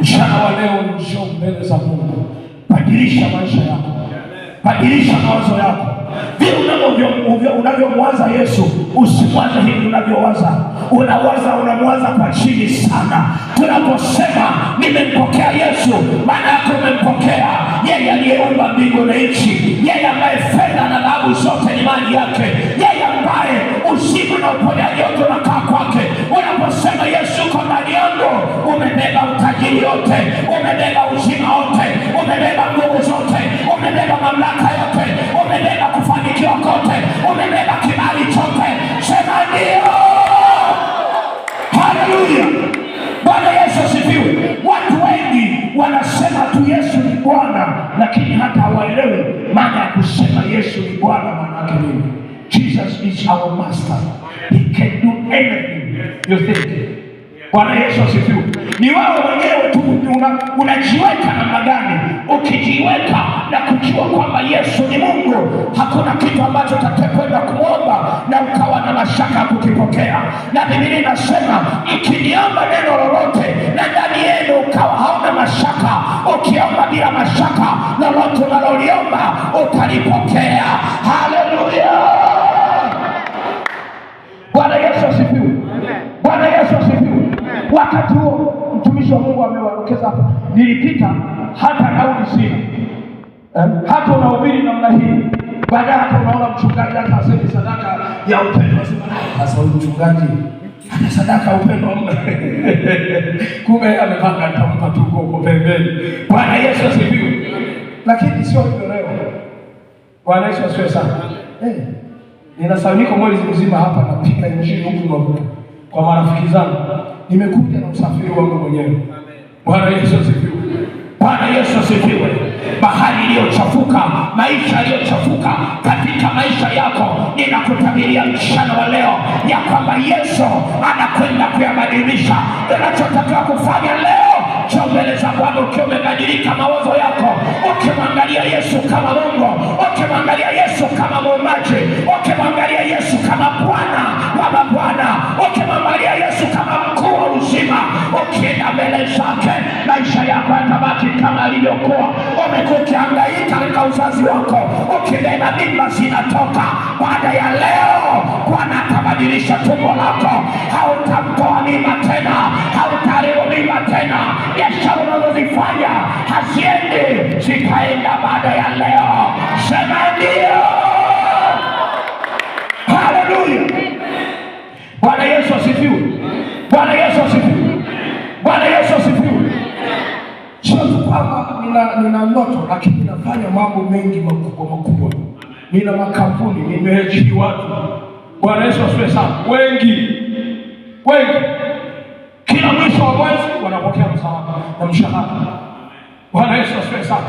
mchana wa leo, njoo mbele za Mungu, badilisha maisha yako, badilisha mawazo yako, vile unavyomwaza Yesu. Usimwaze hivi unavyowaza, unawaza unamwaza kwa chini sana. Tunaposema nimempokea Yesu, maana yako umempokea yeye aliyeumba mbingu na nchi, yeye ambaye fedha na dhahabu zote ni mali yake, yeye ambaye usiku na uponyaji wote yote, umebeba uzima wote, umebeba nguvu zote, umebeba mamlaka yote, umebeba kufanikiwa kote, umebeba kibali chote. Sema ndio! Haleluya! Bwana Yesu asifiwe. Watu wengi wanasema tu Yesu ni Bwana, lakini hata hawaelewi maana ya kusema Yesu ni Bwana maana yake nini. Jesus is our master. He can do anything you think. Bwana Yesu asifiwe. Ni wao wenyewe tu unajiweka namna gani? Ukijiweka na kujua kwamba Yesu ni Mungu, hakuna kitu ambacho utakwenda kuomba na ukawa na mashaka kukipokea. Na Biblia inasema mkiniomba neno lolote na ndani yenu ukawa hauna mashaka, ukiomba bila mashaka, lolote unaloliomba utalipokea. Haleluya! Bwana Yesu asifiwe. Bwana Yesu asifiwe. Wakati huo mtumishi wa Mungu amewadokeza hapa, nilipita hata nauli sina eh? Hata unahubiri namna hii, baadaye hapo unaona mchungaji hata aseme sadaka ya upendo, asema sasa huyu mchungaji ana sadaka ya upendo mna kumbe amepanga nitampa tu huko pembeni. Bwana Yesu asifiwe. Lakini sio hivyo leo. Bwana Yesu asifiwe sana. Eh, nina sauniko mwezi mzima hapa napika injili huku na kwa marafiki zangu nimekuja na usafiri wangu mwenyewe. Bwana Yesu asifiwe! Bwana Yesu asifiwe! Bahari iliyochafuka, maisha yaliyochafuka katika maisha yako, ninakutabiria mchana wa leo ya kwamba Yesu anakwenda kuyabadilisha. Unachotakiwa kufanya leo cha mbele za Bwana ukiwa umebadilika mawazo yako, ukimwangalia Yesu kama Mungu, ukimwangalia Yesu kama muumbaji, ukimwangalia Yesu kama Bwana wa mabwana, ukimwangalia Yesu kama mko uzima. Ukienda mbele zake, maisha yako yatabaki kama alivyokuwa. Umekuwa ukihangaika katika uzazi wako, ukibeba mimba zinatoka. Baada ya leo, Bwana atabadilisha tumbo lako, hautamtoa mimba tena, hautaharibu mimba tena. Biashara unazozifanya haziendi, zitaenda baada ya leo. Sema ndio. nina, nina ndoto lakini nafanya mambo mengi makubwa makubwa, nina makampuni, nimeajiri watu. Bwana Yesu asifiwe sana. Wengi wengi, kila mwisho wa mwezi wanapokea msaada na mshahara. Bwana Yesu asifiwe sana.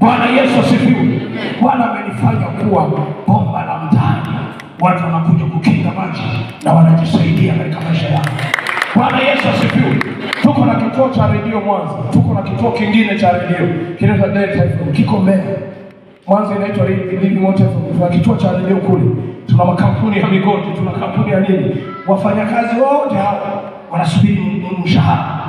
Bwana Yesu asifiwe. Bwana amenifanya kuwa bomba la mtaani, watu wanakuja kukinga maji na wanajisaidia katika maisha yao. Bwana Yesu asifiwe. Tuko na kituo cha redio Mwanza, tuko na kituo kingine cha redio kinaitwa Delta FM kiko Mbeya. Mwanza inaitwa Remote FM. Tuna kituo cha redio kule, tuna makampuni ya migodi, tuna kampuni ya nini. Wafanyakazi wote hawa wanasubiri mshahara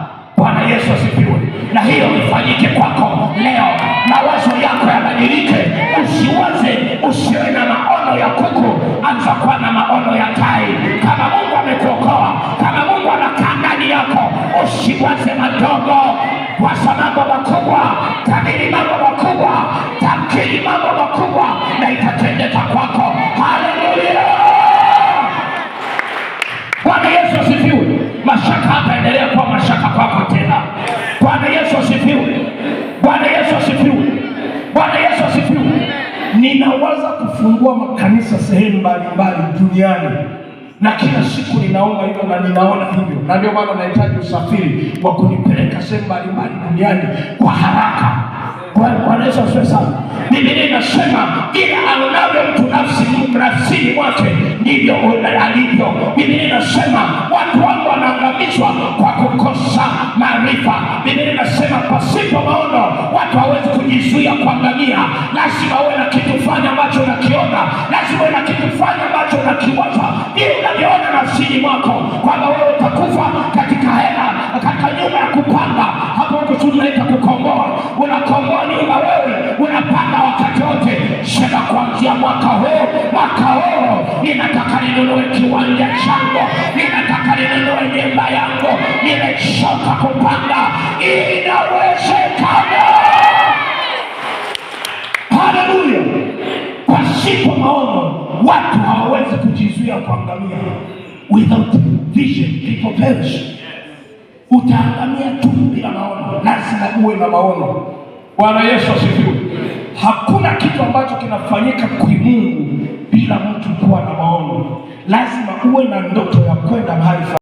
linawaza kufungua makanisa sehemu mbalimbali duniani, na kila siku ninaomba hivyo na ninaona hivyo, na ndio maana nahitaji usafiri wa kunipeleka sehemu mbalimbali duniani kwa haraka. Bwana Yesu asifiwe sana. Biblia inasema ila alonavyo mtu nafsi nafsini mwake ndivyo alivyo. Biblia inasema watu wangu wanaangamizwa kwa kukosa maarifa. Biblia inasema pasipo maono watu hawezi kujizuia kuangamia. Lazima uwe na kitu fanya ambacho unakiona, lazima uwe na kitu fanya ambacho unakiwaza, ili unavyoona nafsini mwako kwamba wewe utakufa katika hela unakata nyumba ya kupanga. Hapo kusudi naita kukomboa, unakomboa nyumba wewe, unapanda wakati wote. Sema kuanzia mwaka huu, mwaka huu ninataka ninunue kiwanja changu, ninataka ninunue nyumba yangu, nimechoka kupanda Inawezekana. Haleluya! Pasipo maono watu hawawezi kujizuia kuangamia. Without vision people perish utaangamia tu bila maono. Lazima uwe na maono. Bwana Yesu asifiwe. Hakuna kitu ambacho kinafanyika kwa Mungu bila mtu kuwa na maono. Lazima uwe na ndoto ya kwenda mahali